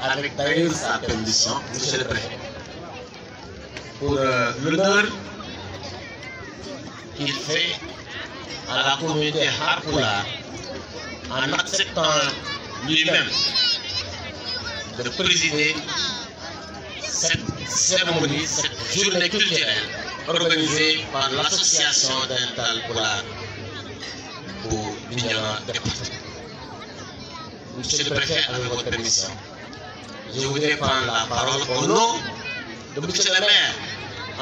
avec de sa permission, monsieur le préfet, pour euh, le qu'il fait à la communauté Harpoula en acceptant lui-même de présider cette cérémonie, cette journée culturelle organisée par l'association dentale pour l'union des Mignon Monsieur le préfet, avec votre permission. Je voudrais prendre la parole au nom de M. le maire,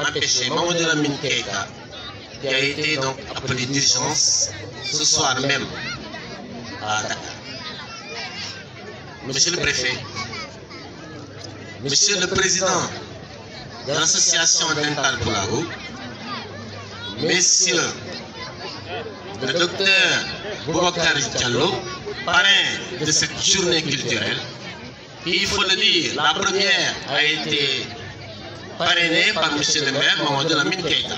empêché la mine qui a été donc appelé d'urgence ce soir même à Dakar. Monsieur le préfet, Monsieur le président de l'association la Boulago, Monsieur le docteur Boubacar Diallo, parrain de cette journée culturelle, il faut le dire, la première a été parrainée par M. le maire Mamadou Lamine Keita.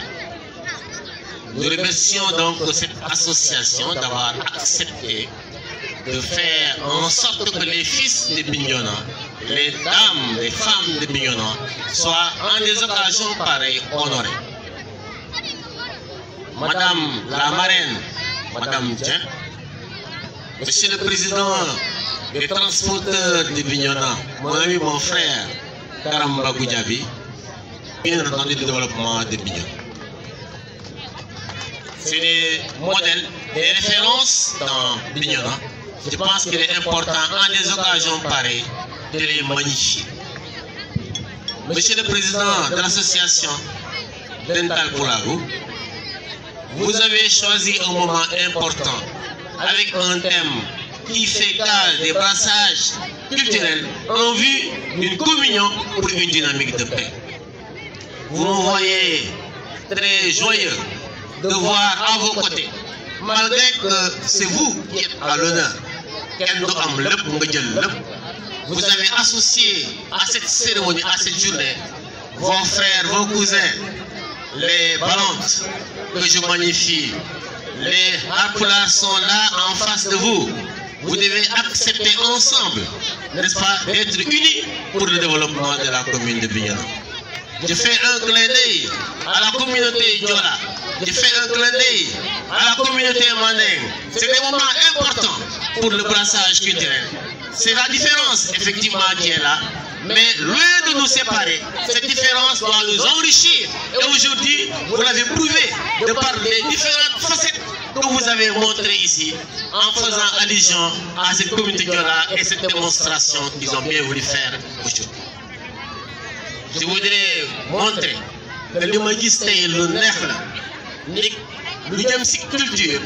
Nous remercions donc cette association d'avoir accepté de faire en sorte que les fils de Bignona, les dames, les femmes de Bignona soient en des occasions pareilles honorées. Madame la marraine, Madame Tien. Monsieur le Président des transporteurs de Bignona, mon ami, mon frère, Karamba Goudjabi, bien entendu le développement de Bignona. C'est des modèles, des références dans Bignona. Je pense qu'il est important, en des occasions pareilles, de les magnifier. Monsieur le Président de l'association Dental Poulago, vous avez choisi un moment important avec un thème qui fait s'étale des passages culturels en vue d'une communion pour une dynamique de paix. Vous me voyez très joyeux de voir à vos côtés, malgré que c'est vous qui êtes à l'honneur. Vous avez associé à cette cérémonie, à cette journée, vos frères, vos cousins, les balances que je magnifie les Apoulas sont là en face de vous. Vous devez accepter ensemble, n'est-ce pas, Être unis pour le développement de la commune de Biyana. Je fais un clin d'œil à la communauté Diola. Je fais un clin d'œil à la communauté Mandeng. C'est des moments importants pour le brassage culturel. C'est la différence, effectivement, qui est là. Mais loin de nous séparer, cette différence doit nous enrichir. Et aujourd'hui, vous l'avez prouvé de par les différentes facettes que vous avez montrées ici en faisant allusion à cette communauté là et cette démonstration qu'ils ont bien voulu faire aujourd'hui. Je voudrais montrer que le le gis le nous de la culture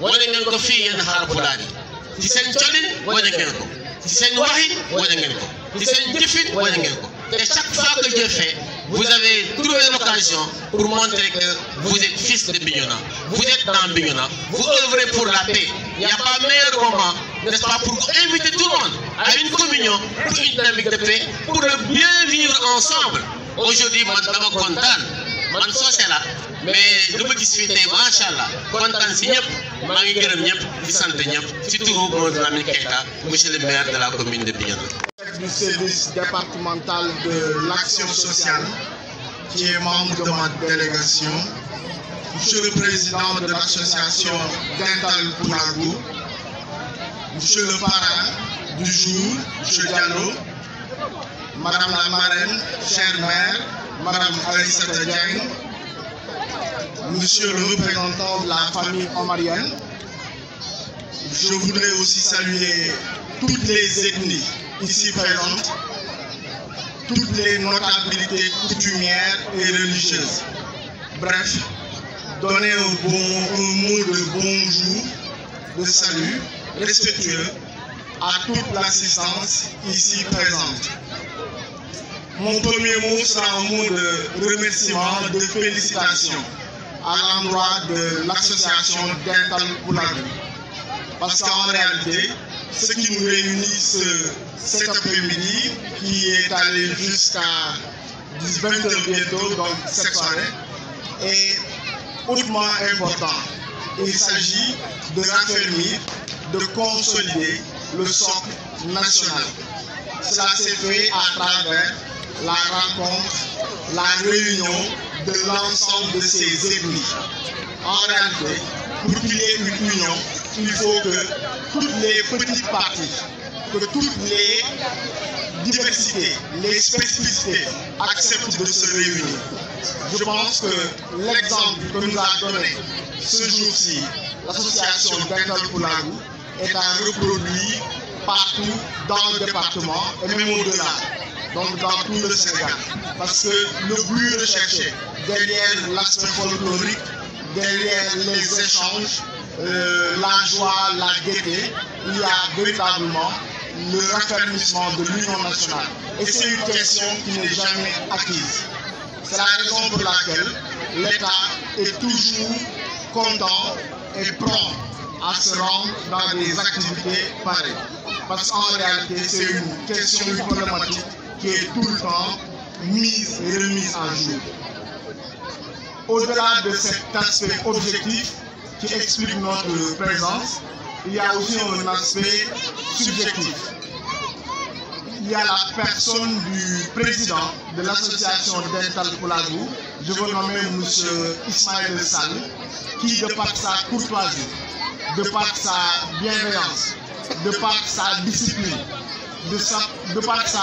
wane ngeen ko fii yéen ci c'est une défaite, Et chaque fois que je fais vous avez trouvé l'occasion pour montrer que vous êtes fils de Bignona. Vous êtes dans Bignona. Vous œuvrez pour la paix. Il n'y a pas meilleur moment, n'est-ce pas, pour inviter tout le monde à une communion, pour une dynamique de paix, pour le bien vivre ensemble. Aujourd'hui, je Contane, man soose la mais nous Mais nous fii content, si ñëpp mangi gërëm ñëpp di ci monsieur le maire de la commune de Bignona du service départemental de l'action sociale, qui est membre de ma délégation. Monsieur le président de l'association Dental Poulago, Monsieur le parrain du jour, Monsieur Gallo Madame la marraine, chère mère, Madame Aïssa Tadjang, Monsieur le représentant de la famille omarienne, je voudrais aussi saluer toutes les ethnies ici présente toutes les notabilités coutumières et religieuses. Bref, donner un, bon, mot de bonjour, de salut respectueux à toute l'assistance ici présente. Mon premier mot sera un mot de remerciement, de félicitations à l'endroit de l'association Dental pour Parce qu'en réalité, ce qui nous réunit cet après-midi, qui est allé jusqu'à 20h bientôt, donc cette soirée, est hautement important. Il s'agit de raffermir, de consolider le socle national. Cela s'est fait à travers la rencontre, la réunion de l'ensemble de ces ennemis En réalité, pour qu'il y ait une union, il faut que toutes les petites parties, que toutes les diversités, les spécificités acceptent de se réunir. Je pense que l'exemple que nous a donné ce jour-ci, l'association Dental pour la est un reproduit partout dans le département et même au-delà, donc dans tout le Sénégal. Parce que le but recherché derrière l'aspect folklorique, derrière les échanges, euh, la joie, la gaieté, il y a véritablement le raffermissement de l'union nationale. Et c'est une question qui n'est jamais acquise. C'est la raison pour laquelle l'État est toujours content et prompt à se rendre dans des activités pareilles. Parce qu'en réalité, c'est une question une problématique qui est tout le temps mise et remise en jour. Au-delà de cet aspect objectif, qui explique notre présence, il y a aussi un aspect subjectif. Il y a la personne du président de l'association Dental Polagou, je veux nommer M. Ismaël Sall, qui, de par sa courtoisie, de par sa bienveillance, de par sa discipline, de, par sa,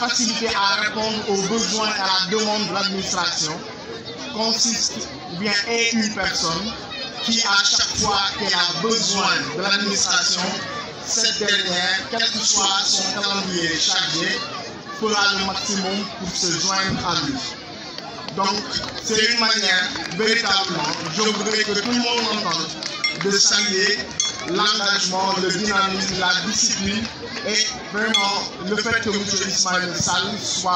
facilité à répondre aux besoins et à la demande de l'administration, consiste bien est une personne qui, à chaque fois qu'elle a besoin de l'administration, cette dernière, quel que soit son calendrier chargé, fera le maximum pour se joindre à lui. Donc, c'est une manière véritablement, je voudrais que tout le monde entende, de saluer l'engagement, le dynamisme, la discipline et vraiment le fait que M. Ismaël Sall soit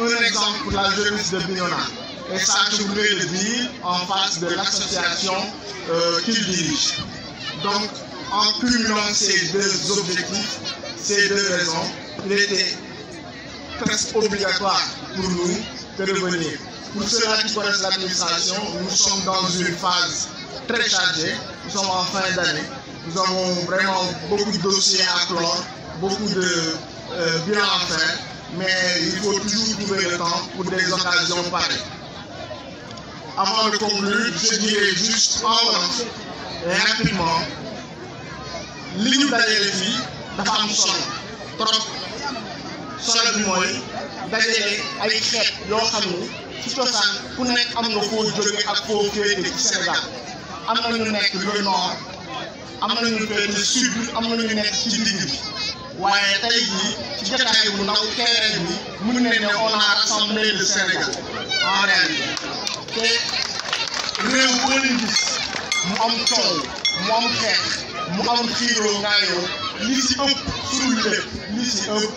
un exemple pour la jeunesse de Bignona et je voulais le dire en face de l'association euh, qu'il dirige. Donc, en cumulant ces deux objectifs, ces deux raisons, il était presque obligatoire pour nous de revenir. Pour ceux qui connaissent l'administration, nous sommes dans une phase très chargée. Nous sommes en fin d'année. Nous avons vraiment beaucoup de dossiers à clore, beaucoup de euh, biens à faire, mais il faut toujours trouver le temps pour des occasions pareilles avant de conclure, je dirais juste en revanche, rapidement li ñu la vie, la am solo trop solo bi mooy ay xeet fait ci ku Sénégal am le nord am le le sud amener ñu le ci Ouais, t'as dit, rassemblé Sénégal en te réew boo mu am coow mu am xeex mu am xiiroo ngaayoo li si ëpp suul lépp li si ëpp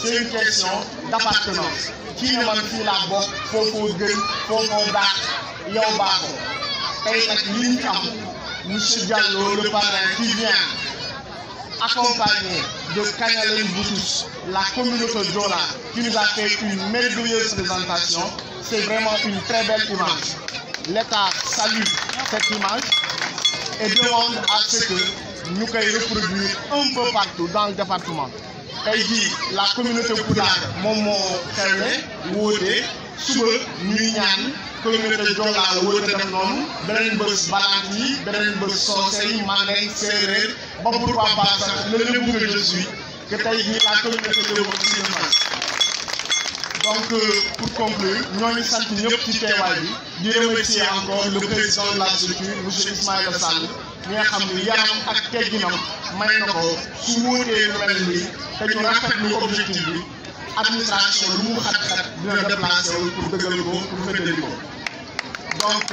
c'est une question d'appartenance kii ne man fii laa bokk foofoo gën foofoo baax yow baaxoo tey nag liñ am monsieur Diallo le parrain qui vient accompagné de Kanyaline Boutous, la communauté Djola, qui nous a fait une merveilleuse présentation. C'est vraiment une très belle image. L'État salue cette image et demande à ce que nous puissions reproduire un peu partout dans le département. Elle dit la communauté Koudar, Momo Ferré, Wode, Soube, Nunyan, communauté Joola la wër def noonu beneen bës Balant yi beneen bës Soose yi Mandeng séeréer ba pourquoi pas sax le Lébu que je suis que tey jii la communauté Lébu musulmane euh, ci teewaay bi di remercier encore le président de la structure monsieur Ismaïla Sall mi ni yaram ak tegginam may na su wóotee lu mel te ñu rafetlu objectif bi. administration lu mu xat-xat dina déplacé wu pour dëggal ko pour fëddali ko donc.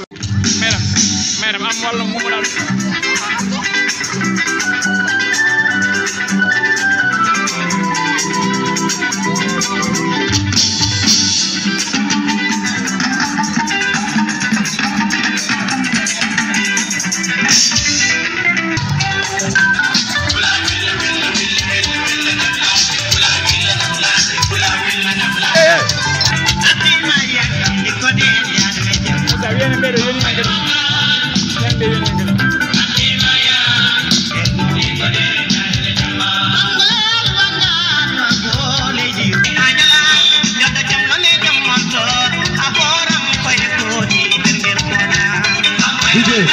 DJ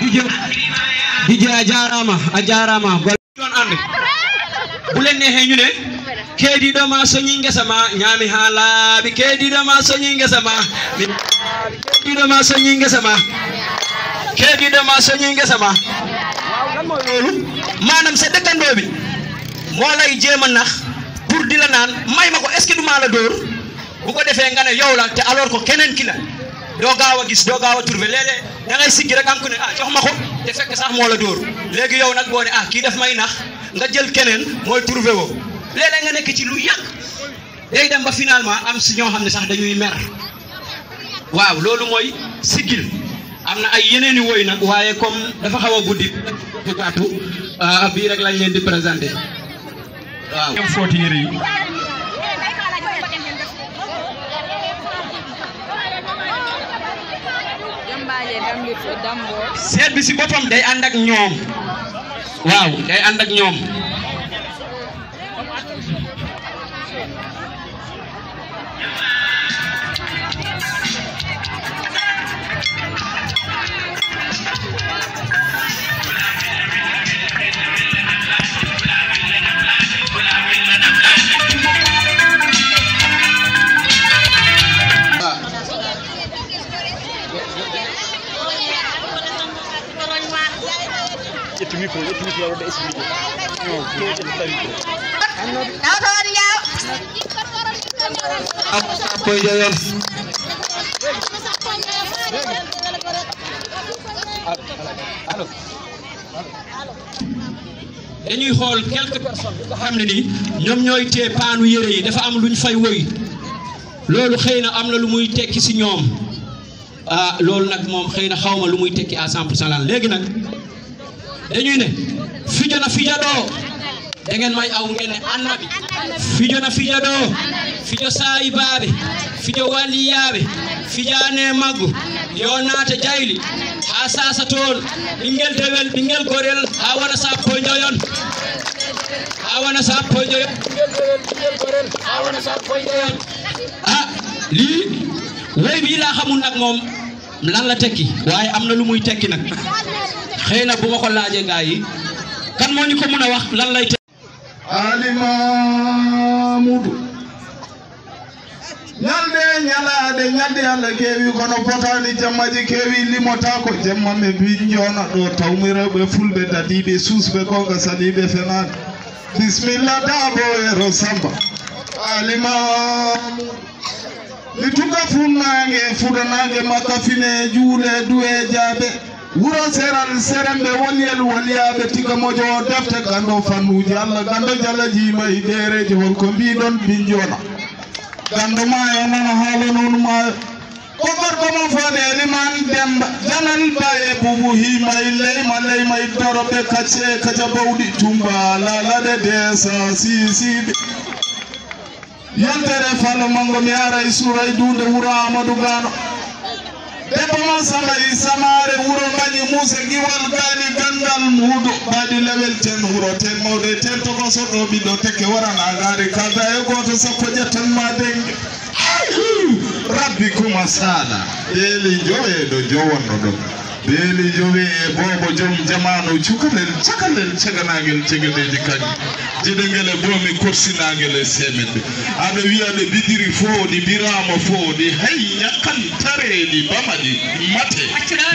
DJ DJ a jarama a jarama golle ɗon ande bulen ne heñu ne keediɗo ma soñi ngesa ma ñaami ha sama keediɗo soñi ma soñi soñi manam se bi mo lay jema nax pour di nan naan may ma ko est ce que du la bu ko defé nga ne yow la te alors ko kenen ki la doo gaaw a gis doo gaaw a trouvé léeg-léeg da siggi rek am ku ne ah jox ma ko te fekk sax moo la dóor léegi yow nag boo ne ah kii daf may nax nga jël keneen mooy trouvé woo léeg nga nekk ci lu yàq day dem ba finalement am si ñoo xam ne sax dañuy mer waaw loolu mooy siggil am na ay yeneen i woy nag waaye comme dafa xaw a guddi gàttu ah, bii rek lañ leen di présenté waaw. footi yëre yi. seet bi si boppam day ànd ak ñoom waaw day ànd ak ñoom Malik dañuy xool quelques personnes xam ne ni ñoom ñooy tee paanu yére yi dafa am luñ fay woy loolu xëy na am na lu muy tekki si ñoom ah loolu nag moom xëy na xaw ma lu muy tekki à 100 pour cent léegi nag dañuy ne. fijo na fijo ɗo da ngeen may aw ngeen ne annabi fijo na fijo ɗo fijo saayibaaɓe fijo waliyaaɓe fijaane maggu yo naata jayli haa sasa toon ɓinngel dewel ɓinngel gorel haa wona sappo joyon haa wona sappo joyon a ah, li way bii laa xamul nag moom lan la tekki waaye am na lu muy tekki nag xëy ko kan moñi ko muna wax lan layte alimamudu ñalde ñalade ñalde allah kewi kono potani jemmaji kewi limota ko jemma ɓe mbi jona ɗo tawmirewɓe fulɓe dadiɓe susɓe koka saɗiɓe fenade bismilla dabo ero samba alimamudu mi tuga fumnage fuɗanage makkafine juule duwe jaɓe wuro serar serenɓe wonyel woniyaɓe tigamojo o defte ganndo fannuji allah ganndo jallaji mayi ɗereji e holko mbiɗon binjona ganndo ma e nana haala noon ma ko gorko mo fode eliman demba janal ba e bubu himay e leyma leymay e doroɓe kacce kaca bawɗi tumba lalade desa sisiɓe yontere falo mango mi aray suray dunde wuro amadou gano debaman samari samare wuro mani musa giwal gaani gandal huuɗo mbaɗi lewel ten wuro ten mawɗo ten so ɗo ɓiɗɗo teke warana gaari kada e goto sappo ƴettan ma dengue rabbi kuma sala ɗeli joyeɗo jowonno ɗon beeli jowi e boobo joom jamanu cukalel cakalel caganagel cegeleji kañ jeɗe gele boomi korsinagel e semedde aɗa wiyaɗe bidiri fo ɗi birama fo ɗi hay ñakkan tareɗi bamaɗi mate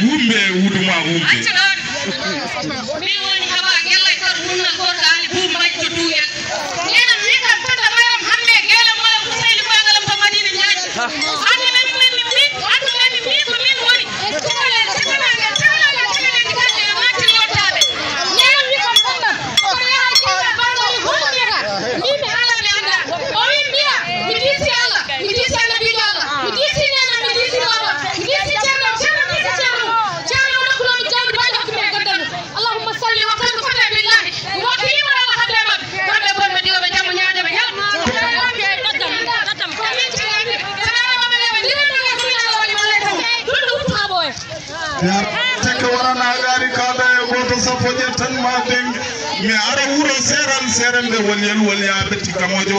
wumbe wuduma wumbe min woni haba gella e sor wumna gorɗani bu majjo duyat ena wi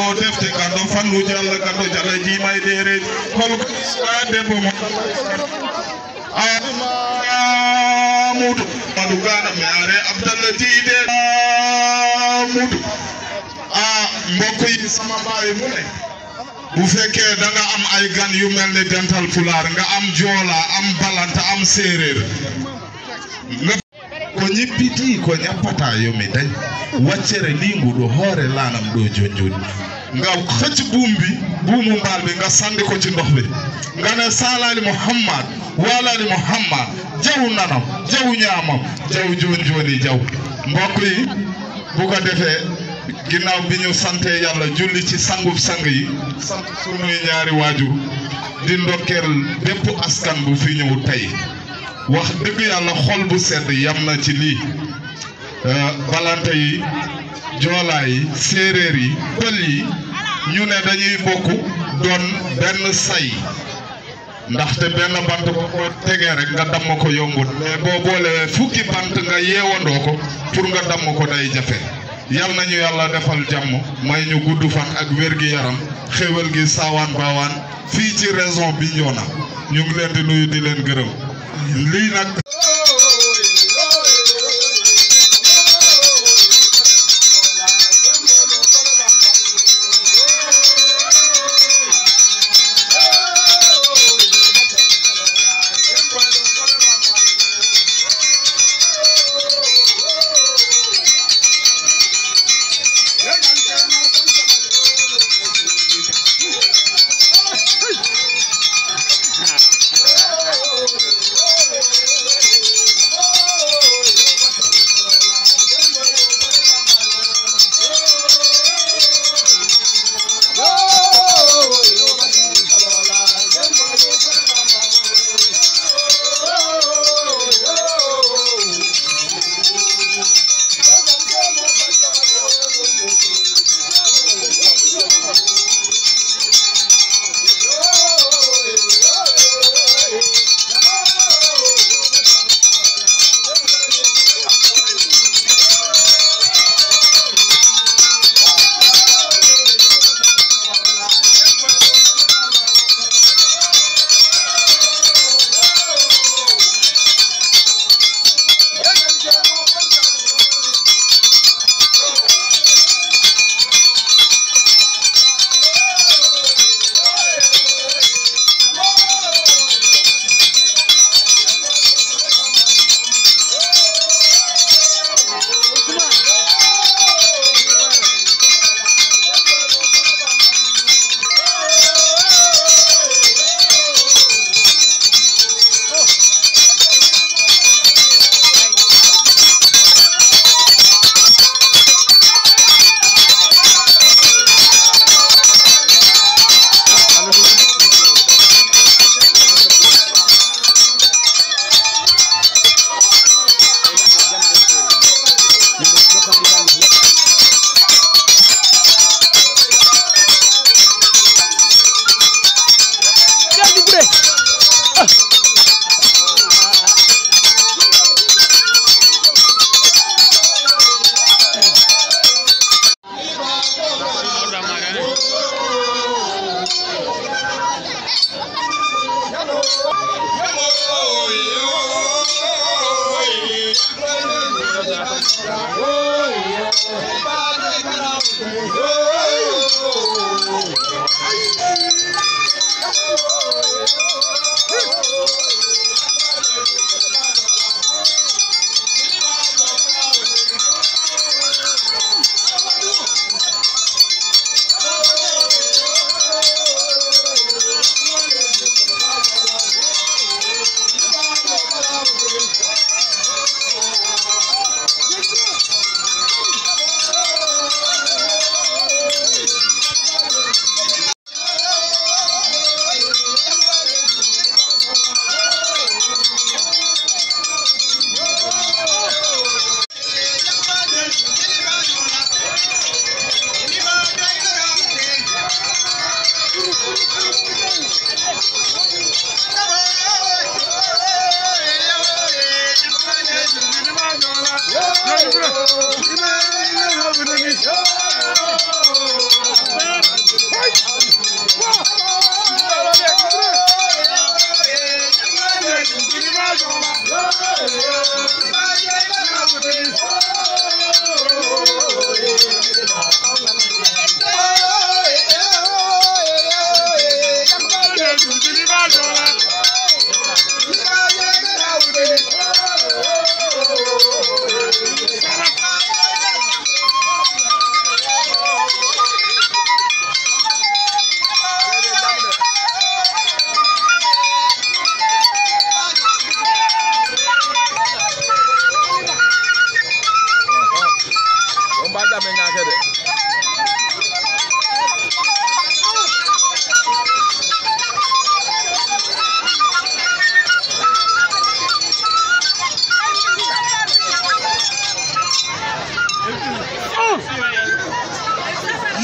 o defte kan ɗo fannuji allah kan ɗo jaɗa jima e ɗereji holkoa debbo mo amadou madou gana mais are abdallah jiide amadou a mbokko yi sama mbawi mune bu fekkee danga am ay gan yu mel ni dental pular nga am joola am balanta am séeréer ko ñippiti ko ñappata yomi dañ waccere ni ngu ɗo hoore lanam ɗo jonjoni nga xëcc buum bi buumu mbaal bi nga sànni ko ci ndox bi nga ne saalaali muhammad waalaali muhammad jaw nanam jaw ñaamam jaw joon jooni jaw mbokk yi bu ko defee ginnaaw bi ñu sante yàlla julli ci sangub sang yi sant sunuy ñaari waajur di ndokkeel bépp askan bu fi ñëw tey wax dëgg yàlla xol bu sedd yam na ci lii euh, balante yi joolaa yi séeréer yi pël yi ñu ne dañuy bokk doon benn say ndaxte benn bant boo ko tegee rek nga damm ko yombut mais boo boolee fukki bant nga yeewandoo ko pour nga damm ko day jafe yal nañu yàlla defal jàmm may ñu gudd fan ak wér-gi-yaram xéwal gi saawaan baawaan fii ci région bi Bignona ñu ngi leen di nuyu di leen gërëm lii nag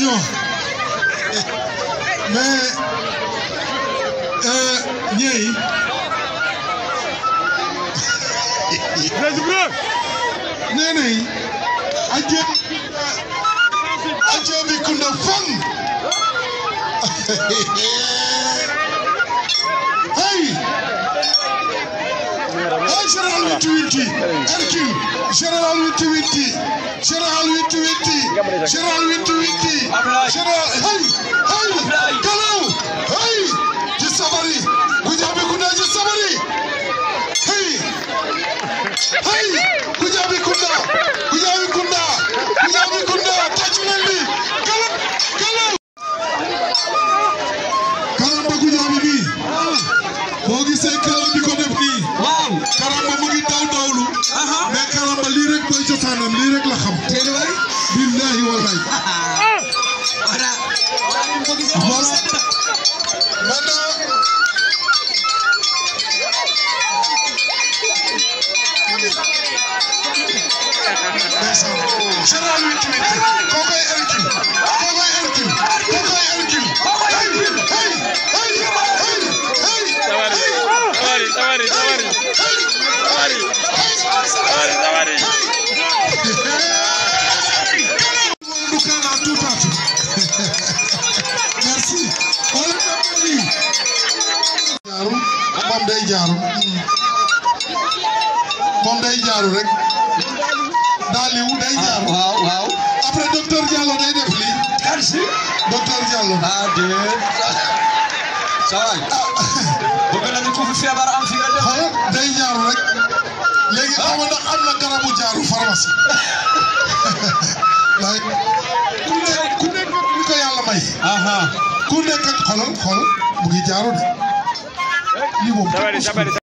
millions mais ñeey euh, nee nañ ajoobi kunda fang 820 you. général 820 général 820 général 820 général hey hey si waaye ku nekk ku nekk lu ko may. ku nekk xolal xolal mu ngi jaaroo de lii moom.